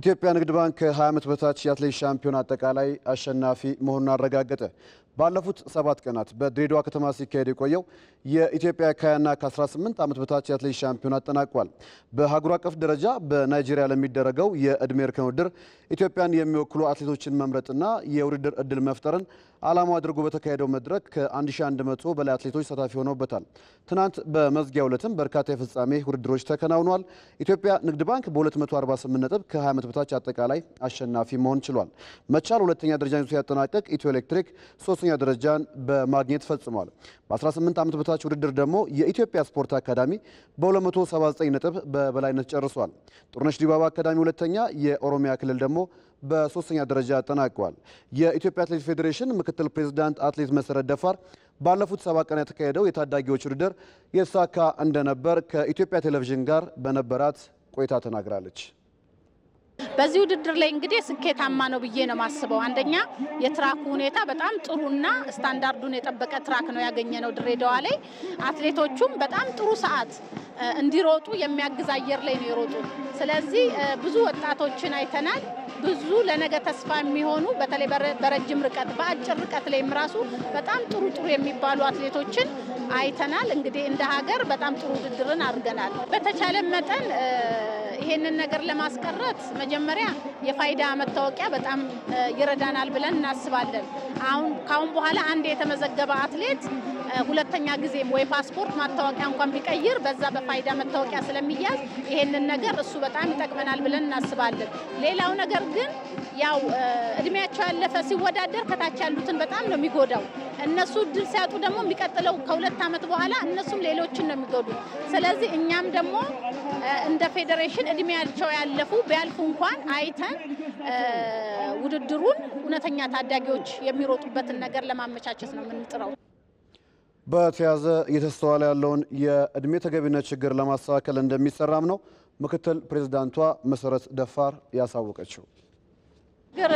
ኢትዮጵያ ንግድ ባንክ ከ20 ዓመት በታች የአትሌት ሻምፒዮን አጠቃላይ አሸናፊ መሆኑን አረጋገጠ። ባለፉት ሰባት ቀናት በድሬዳዋ ከተማ ሲካሄድ የቆየው የኢትዮጵያ ከ20ና ከ18 ዓመት በታች የአትሌት ሻምፒዮን አጠናቋል። በአህጉር አቀፍ ደረጃ በናይጄሪያ ለሚደረገው የእድሜ እርከን ውድድር ኢትዮጵያን የሚወክሉ አትሌቶችን መምረጥና የውድድር እድል መፍጠርን ዓላማው አድርጎ በተካሄደው መድረክ ከ1100 በላይ አትሌቶች ተሳታፊ ሆነውበታል። ትናንት በመዝጊያው ዕለትም በርካታ የፍጻሜ ውድድሮች ተከናውኗል። ኢትዮጵያ ንግድ ባንክ በ248 ነጥብ ከ20 ዓመት በታች አጠቃላይ አሸናፊ መሆን ችሏል። መቻል ሁለተኛ ደረጃን ይዞ ሲያጠናቀቅ ኢትዮ ኤሌክትሪክ ሶስተኛ ደረጃን በማግኘት ፈጽሟል። በ18 ዓመት በታች ውድድር ደግሞ የኢትዮጵያ ስፖርት አካዳሚ በ279 ነጥብ በበላይነት ጨርሷል። ጥሩነሽ ዲባባ አካዳሚ ሁለተኛ፣ የኦሮሚያ ክልል ደግሞ በሶስተኛ ደረጃ አጠናቀዋል። የኢትዮጵያ አትሌት ፌዴሬሽን ምክትል ፕሬዚዳንት አትሌት መሰረት ደፋር ባለፉት ሰባት ቀን የተካሄደው የታዳጊዎች ውድድር የተሳካ እንደነበር ከኢትዮጵያ ቴሌቪዥን ጋር በነበራት ቆይታ ተናግራለች። በዚህ ውድድር ላይ እንግዲህ ስኬታማ ነው ብዬ ነው የማስበው። አንደኛ የትራኩ ሁኔታ በጣም ጥሩና ስታንዳርዱን የጠበቀ ትራክ ነው ያገኘ ነው ድሬዳዋ ላይ። አትሌቶቹም በጣም ጥሩ ሰዓት እንዲሮጡ የሚያግዝ አየር ላይ ነው የሮጡ። ስለዚህ ብዙ ወጣቶችን አይተናል። ብዙ ለነገ ተስፋ የሚሆኑ በተለይ በረጅም ርቀት በአጭር ርቀት ላይም ራሱ በጣም ጥሩ ጥሩ የሚባሉ አትሌቶችን አይተናል። እንግዲህ እንደ ሀገር በጣም ጥሩ ውድድርን አድርገናል። በተቻለ መጠን ይሄንን ነገር ለማስቀረት መጀመሪያ የፋይዳ መታወቂያ በጣም ይረዳናል ብለን እናስባለን። አሁን ካሁን በኋላ አንድ የተመዘገበ አትሌት ሁለተኛ ጊዜ ወይ ፓስፖርት ማታወቂያ እንኳን ቢቀይር በዛ በፋይዳ መታወቂያ ስለሚያዝ ይሄንን ነገር እሱ በጣም ይጠቅመናል ብለን እናስባለን። ሌላው ነገር ግን ያው እድሜያቸው ያለፈ ሲወዳደር ከታች ያሉትን በጣም ነው የሚጎዳው። እነሱ እድል ሲያጡ ደግሞ የሚቀጥለው ከሁለት ዓመት በኋላ እነሱም ሌሎችን ነው የሚጎዱ። ስለዚህ እኛም ደግሞ እንደ ፌዴሬሽን እድሜያቸው ያለፉ ቢያልፉ እንኳን አይተን ውድድሩን እውነተኛ ታዳጊዎች የሚሮጡበትን ነገር ለማመቻቸት ነው የምንጥረው። በተያዘ እየተስተዋለ ያለውን የእድሜ ተገቢነት ችግር ለማስተካከል እንደሚሰራም ነው ምክትል ፕሬዚዳንቷ መሰረት ደፋር ያሳወቀችው። ችግር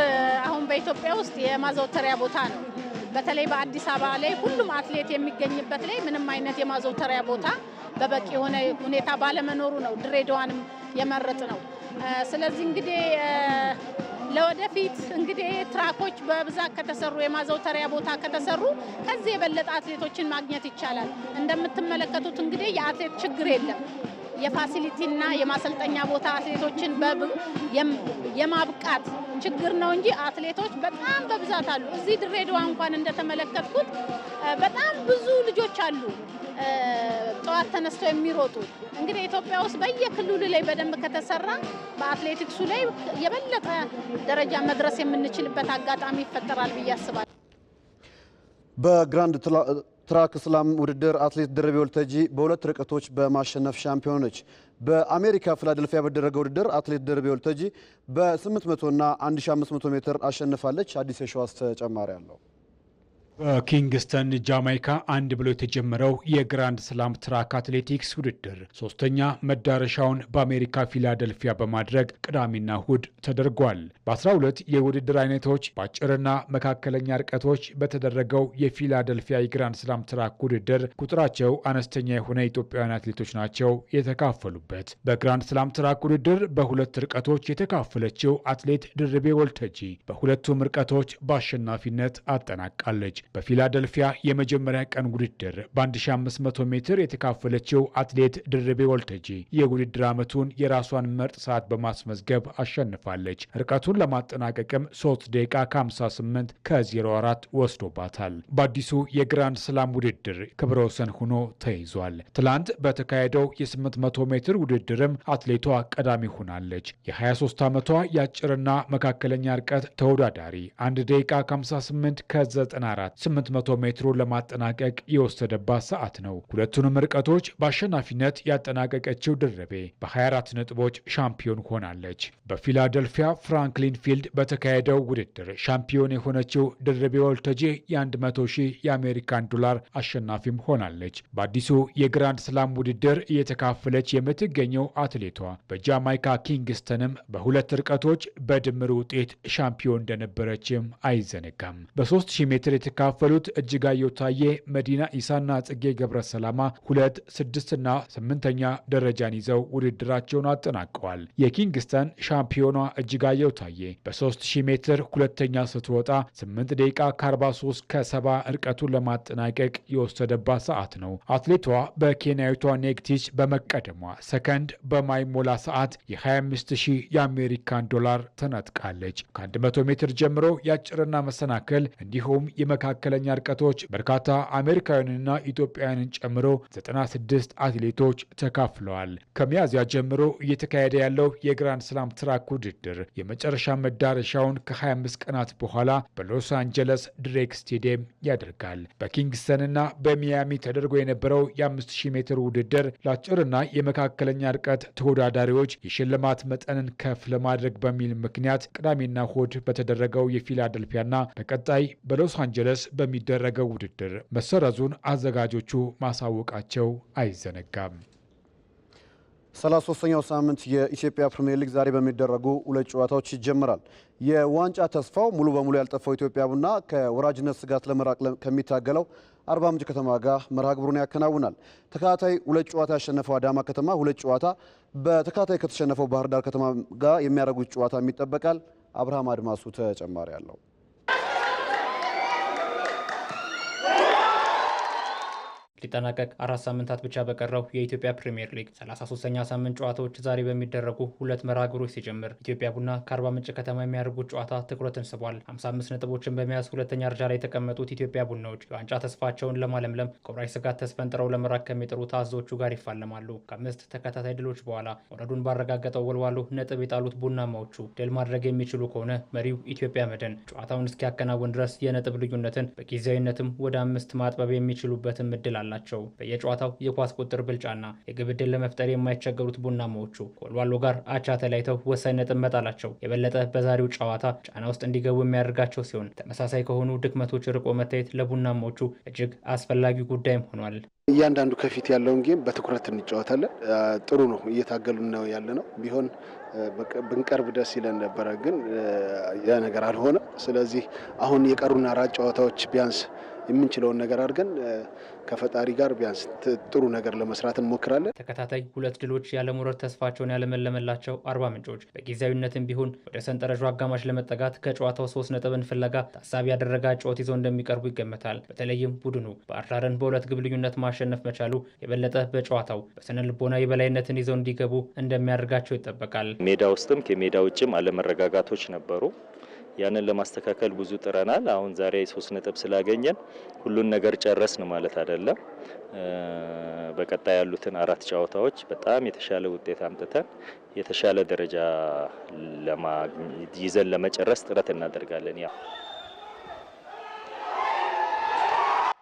አሁን በኢትዮጵያ ውስጥ የማዘውተሪያ ቦታ ነው። በተለይ በአዲስ አበባ ላይ ሁሉም አትሌት የሚገኝበት ላይ ምንም አይነት የማዘውተሪያ ቦታ በበቂ የሆነ ሁኔታ ባለመኖሩ ነው ድሬዳዋንም የመረጥ ነው። ስለዚህ እንግዲህ ለወደፊት እንግዲህ ትራኮች በብዛት ከተሰሩ የማዘውተሪያ ቦታ ከተሰሩ ከዚህ የበለጠ አትሌቶችን ማግኘት ይቻላል። እንደምትመለከቱት እንግዲህ የአትሌት ችግር የለም። የፋሲሊቲና የማሰልጠኛ ቦታ አትሌቶችን የማብቃት ችግር ነው እንጂ አትሌቶች በጣም በብዛት አሉ። እዚህ ድሬዳዋ እንኳን እንደተመለከትኩት በጣም ብዙ ልጆች አሉ ጠዋት ተነስተው የሚሮጡ። እንግዲህ ኢትዮጵያ ውስጥ በየክልሉ ላይ በደንብ ከተሰራ በአትሌቲክሱ ላይ የበለጠ ደረጃ መድረስ የምንችልበት አጋጣሚ ይፈጠራል ብዬ አስባለሁ። በግራንድ ትራክ ስላም ውድድር አትሌት ደረቤ ወልተጂ በሁለት ርቀቶች በማሸነፍ ሻምፒዮን ነች። በአሜሪካ ፊላደልፊያ በደረገ ውድድር አትሌት ደረቤ ወልተጂ በ800 እና 1500 ሜትር አሸንፋለች። አዲስ የሸዋስ ተጨማሪ አለው። በኪንግስተን ጃማይካ አንድ ብሎ የተጀመረው የግራንድ ስላም ትራክ አትሌቲክስ ውድድር ሶስተኛ መዳረሻውን በአሜሪካ ፊላደልፊያ በማድረግ ቅዳሜና እሁድ ተደርጓል። በ12 የውድድር አይነቶች በአጭርና መካከለኛ ርቀቶች በተደረገው የፊላደልፊያ የግራንድ ስላም ትራክ ውድድር ቁጥራቸው አነስተኛ የሆነ ኢትዮጵያውያን አትሌቶች ናቸው የተካፈሉበት። በግራንድ ስላም ትራክ ውድድር በሁለት ርቀቶች የተካፈለችው አትሌት ድርቤ ወልተጂ በሁለቱም ርቀቶች በአሸናፊነት አጠናቃለች። በፊላደልፊያ የመጀመሪያ ቀን ውድድር በ1500 ሜትር የተካፈለችው አትሌት ድርቤ ወልተጂ የውድድር ዓመቱን የራሷን ምርጥ ሰዓት በማስመዝገብ አሸንፋለች። ርቀቱን ለማጠናቀቅም 3 ደቂቃ ከ58 ከ04 ወስዶባታል። በአዲሱ የግራንድ ስላም ውድድር ክብረ ወሰን ሆኖ ተይዟል። ትላንት በተካሄደው የ800 ሜትር ውድድርም አትሌቷ ቀዳሚ ሆናለች። የ23 ዓመቷ የአጭርና መካከለኛ ርቀት ተወዳዳሪ 1 ደቂቃ 58 ከ94 800 ሜትሮን ለማጠናቀቅ የወሰደባት ሰዓት ነው። ሁለቱንም ርቀቶች በአሸናፊነት ያጠናቀቀችው ድርቤ በ24 ነጥቦች ሻምፒዮን ሆናለች። በፊላደልፊያ ፍራንክሊን ፊልድ በተካሄደው ውድድር ሻምፒዮን የሆነችው ድርቤ ወልተጂ የ100 ሺህ የአሜሪካን ዶላር አሸናፊም ሆናለች። በአዲሱ የግራንድ ስላም ውድድር እየተካፈለች የምትገኘው አትሌቷ በጃማይካ ኪንግስተንም በሁለት ርቀቶች በድምር ውጤት ሻምፒዮን እንደነበረችም አይዘነጋም። በ3000 ሜትር የተካ የተካፈሉት እጅጋየው ታዬ፣ መዲና ኢሳና ጽጌ ገብረሰላማ ሁለት ስድስትና ስምንተኛ ደረጃን ይዘው ውድድራቸውን አጠናቀዋል። የኪንግስተን ሻምፒዮኗ እጅጋየው ታዬ በ3000 ሜትር ሁለተኛ ስትወጣ 8 ደቂቃ ከ43 ከ70 እርቀቱን ለማጠናቀቅ የወሰደባት ሰዓት ነው። አትሌቷ በኬንያዊቷ ኔግቲች በመቀደሟ ሰከንድ በማይሞላ ሰዓት የ25000 የአሜሪካን ዶላር ተነጥቃለች። ከ100 ሜትር ጀምሮ የአጭርና መሰናከል እንዲሁም የመካከል መካከለኛ ርቀቶች በርካታ አሜሪካውያንና ኢትዮጵያውያንን ጨምሮ 96 አትሌቶች ተካፍለዋል። ከሚያዝያ ጀምሮ እየተካሄደ ያለው የግራንድ ስላም ትራክ ውድድር የመጨረሻ መዳረሻውን ከ25 ቀናት በኋላ በሎስ አንጀለስ ድሬክ ስቴዲየም ያደርጋል። በኪንግስተንና በሚያሚ ተደርጎ የነበረው የ5000 ሜትር ውድድር ለአጭርና የመካከለኛ ርቀት ተወዳዳሪዎች የሽልማት መጠንን ከፍ ለማድረግ በሚል ምክንያት ቅዳሜና እሁድ በተደረገው የፊላደልፊያና በቀጣይ በሎስ አንጀለስ በሚደረገው ውድድር መሰረዙን አዘጋጆቹ ማሳወቃቸው አይዘነጋም። ሰላሳ ሶስተኛው ሳምንት የኢትዮጵያ ፕሪምየር ሊግ ዛሬ በሚደረጉ ሁለት ጨዋታዎች ይጀምራል። የዋንጫ ተስፋው ሙሉ በሙሉ ያልጠፋው ኢትዮጵያ ቡና ከወራጅነት ስጋት ለመራቅ ከሚታገለው አርባ ምንጭ ከተማ ጋር መርሃ ግብሩን ያከናውናል። ተከታታይ ሁለት ጨዋታ ያሸነፈው አዳማ ከተማ ሁለት ጨዋታ በተከታታይ ከተሸነፈው ባህር ዳር ከተማ ጋር የሚያደርጉት ጨዋታ ይጠበቃል። አብርሃም አድማሱ ተጨማሪ አለው። ሊጠናቀቅ አራት ሳምንታት ብቻ በቀረው የኢትዮጵያ ፕሪምየር ሊግ 33ኛ ሳምንት ጨዋታዎች ዛሬ በሚደረጉ ሁለት መርሃ ግብሮች ሲጀምር ኢትዮጵያ ቡና ከአርባ ምንጭ ከተማ የሚያደርጉት ጨዋታ ትኩረትን ስቧል። 55 ነጥቦችን በመያዝ ሁለተኛ ደረጃ ላይ የተቀመጡት ኢትዮጵያ ቡናዎች የዋንጫ ተስፋቸውን ለማለምለም ከወራጅ ስጋት ተስፈንጥረው ለመራቅ ከሚጥሩ አዞዎቹ ጋር ይፋለማሉ። ከአምስት ተከታታይ ድሎች በኋላ ወረዱን ባረጋገጠው ወልዋሎ ነጥብ የጣሉት ቡናማዎቹ ድል ማድረግ የሚችሉ ከሆነ መሪው ኢትዮጵያ መድን ጨዋታውን እስኪያከናውን ድረስ የነጥብ ልዩነትን በጊዜያዊነትም ወደ አምስት ማጥበብ የሚችሉበትም እድል አለ ናቸው። በየጨዋታው የኳስ ቁጥር ብልጫና የግብ ዕድል ለመፍጠር የማይቸገሩት ቡናማዎቹ ከወልዋሎ ጋር አቻ ተለያይተው ወሳኝ ነጥብ መጣላቸው የበለጠ በዛሬው ጨዋታ ጫና ውስጥ እንዲገቡ የሚያደርጋቸው ሲሆን ተመሳሳይ ከሆኑ ድክመቶች ርቆ መታየት ለቡናማዎቹ እጅግ አስፈላጊ ጉዳይም ሆኗል። እያንዳንዱ ከፊት ያለውን ጌም በትኩረት እንጫወታለን። ጥሩ ነው፣ እየታገሉ ነው ያለ ነው ቢሆን ብንቀርብ ደስ ይለን ነበረ፣ ግን ያ ነገር አልሆነም። ስለዚህ አሁን የቀሩን አራት ጨዋታዎች ቢያንስ የምንችለውን ነገር አድርገን ከፈጣሪ ጋር ቢያንስ ጥሩ ነገር ለመስራት እንሞክራለን። ተከታታይ ሁለት ድሎች ያለመውረድ ተስፋቸውን ያለመለመላቸው አርባ ምንጮች በጊዜያዊነትም ቢሆን ወደ ሰንጠረዡ አጋማሽ ለመጠጋት ከጨዋታው ሶስት ነጥብን ፍለጋ ታሳቢ ያደረገ ጨወት ይዘው እንደሚቀርቡ ይገመታል። በተለይም ቡድኑ ባህር በሁለት ግብ ልዩነት ማሸነፍ መቻሉ የበለጠ በጨዋታው በስነ ልቦና የበላይነትን ይዘው እንዲገቡ እንደሚያደርጋቸው ይጠበቃል። ሜዳ ውስጥም ከሜዳ ውጭም አለመረጋጋቶች ነበሩ። ያንን ለማስተካከል ብዙ ጥረናል። አሁን ዛሬ ሶስት ነጥብ ስላገኘን ሁሉን ነገር ጨረስን ማለት አይደለም። በቀጣይ ያሉትን አራት ጨዋታዎች በጣም የተሻለ ውጤት አምጥተን የተሻለ ደረጃ ይዘን ለመጨረስ ጥረት እናደርጋለን ያው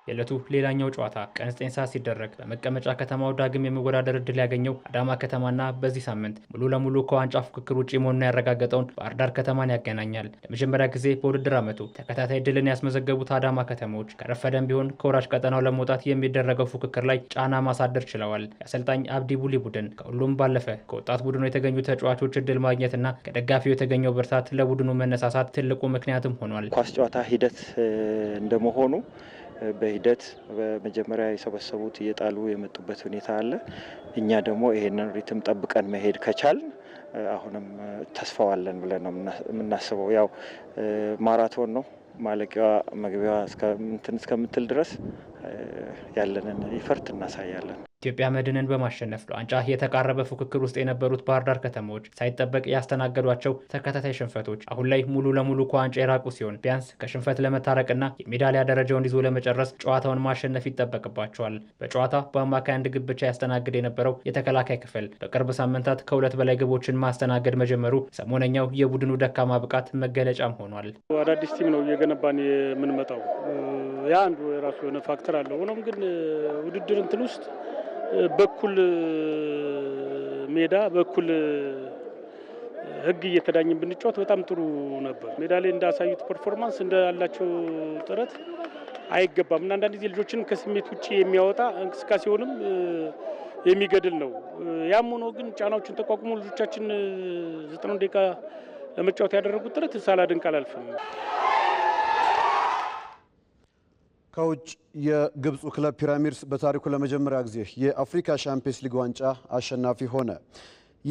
የዕለቱ ሌላኛው ጨዋታ ቀን 9 ሰዓት ሲደረግ በመቀመጫ ከተማው ዳግም የመወዳደር እድል ያገኘው አዳማ ከተማና በዚህ ሳምንት ሙሉ ለሙሉ ከዋንጫ ፉክክር ውጪ መሆኑን ያረጋገጠውን ባህር ዳር ከተማን ያገናኛል። ለመጀመሪያ ጊዜ በውድድር ዓመቱ ተከታታይ ድልን ያስመዘገቡት አዳማ ከተሞች ከረፈደም ቢሆን ከወራጅ ቀጠናው ለመውጣት የሚደረገው ፉክክር ላይ ጫና ማሳደር ችለዋል። የአሰልጣኝ አብዲ ቡሊ ቡድን ከሁሉም ባለፈ ከወጣት ቡድኑ የተገኙ ተጫዋቾች እድል ማግኘትና ከደጋፊው የተገኘው ብርታት ለቡድኑ መነሳሳት ትልቁ ምክንያትም ሆኗል። ኳስ ጨዋታ ሂደት እንደመሆኑ በሂደት በመጀመሪያ የሰበሰቡት እየጣሉ የመጡበት ሁኔታ አለ። እኛ ደግሞ ይሄንን ሪትም ጠብቀን መሄድ ከቻልን አሁንም ተስፋዋለን ብለን ነው የምናስበው። ያው ማራቶን ነው ማለቂያ መግቢያ እስከምትል ድረስ ያለንን ይፈርት እናሳያለን። ኢትዮጵያ መድንን በማሸነፍ ለዋንጫ የተቃረበ ፉክክር ውስጥ የነበሩት ባህር ዳር ከተሞች ሳይጠበቅ ያስተናገዷቸው ተከታታይ ሽንፈቶች አሁን ላይ ሙሉ ለሙሉ ከዋንጫ የራቁ ሲሆን ቢያንስ ከሽንፈት ለመታረቅና የሜዳሊያ ደረጃውን ይዞ ለመጨረስ ጨዋታውን ማሸነፍ ይጠበቅባቸዋል። በጨዋታ በአማካይ አንድ ግብ ብቻ ያስተናግድ የነበረው የተከላካይ ክፍል በቅርብ ሳምንታት ከሁለት በላይ ግቦችን ማስተናገድ መጀመሩ ሰሞነኛው የቡድኑ ደካማ ብቃት መገለጫም ሆኗል። አዳዲስ ቲም ነው እየገነባን የምንመጣው። ያ አንዱ የራሱ የሆነ ፋክተር አለው። ሆኖም ግን ውድድር እንትን ውስጥ በኩል ሜዳ በኩል ህግ እየተዳኘን ብንጫወት በጣም ጥሩ ነበር። ሜዳ ላይ እንዳሳዩት ፐርፎርማንስ እንዳላቸው ጥረት አይገባም እና አንዳንድ ጊዜ ልጆችን ከስሜት ውጭ የሚያወጣ እንቅስቃሴውንም የሚገድል ነው። ያም ሆኖ ግን ጫናዎችን ተቋቁሞ ልጆቻችን ዘጠና ደቂቃ ለመጫወት ያደረጉት ጥረት ሳላደንቅ አላልፍም። ከውጭ የግብፁ ክለብ ፒራሚድስ በታሪኩ ለመጀመሪያ ጊዜ የአፍሪካ ሻምፒየንስ ሊግ ዋንጫ አሸናፊ ሆነ።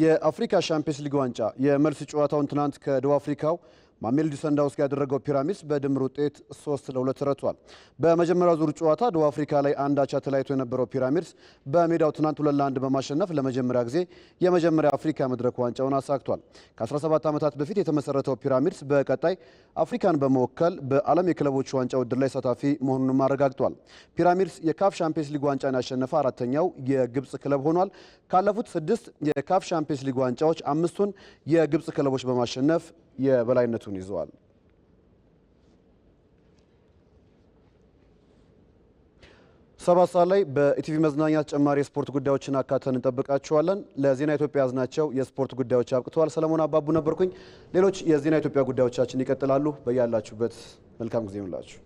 የአፍሪካ ሻምፒየንስ ሊግ ዋንጫ የመልስ ጨዋታውን ትናንት ከደቡብ አፍሪካው ማሜልዲ ሰንዳውንስ ጋር ያደረገው ፒራሚድስ በድምር ውጤት 3 ለ2 ተረቷል። በመጀመሪያው ዙር ጨዋታ ደቡብ አፍሪካ ላይ አንድ አቻ ተለያይቶ የነበረው ፒራሚድስ በሜዳው ትናንት 2 ለ1 በማሸነፍ ለመጀመሪያ ጊዜ የመጀመሪያ አፍሪካ መድረክ ዋንጫውን አሳክቷል። ከ17 ዓመታት በፊት የተመሰረተው ፒራሚድስ በቀጣይ አፍሪካን በመወከል በዓለም የክለቦች ዋንጫ ውድድር ላይ ተሳታፊ መሆኑንም አረጋግጧል። ፒራሚድስ የካፍ ሻምፒየንስ ሊግ ዋንጫን ያሸነፈ አራተኛው የግብፅ ክለብ ሆኗል። ካለፉት ስድስት የካፍ ሻምፒየንስ ሊግ ዋንጫዎች አምስቱን የግብፅ ክለቦች በማሸነፍ የበላይነቱ ኃላፊነቱን ይዘዋል። ሰባት ሰዓት ላይ በኢቲቪ መዝናኛ ተጨማሪ የስፖርት ጉዳዮችን አካተን እንጠብቃችኋለን። ለዜና ኢትዮጵያ ያዝናቸው የስፖርት ጉዳዮች አብቅተዋል። ሰለሞን አባቡ ነበርኩኝ። ሌሎች የዜና ኢትዮጵያ ጉዳዮቻችን ይቀጥላሉ። በያላችሁበት መልካም ጊዜ ይሁንላችሁ።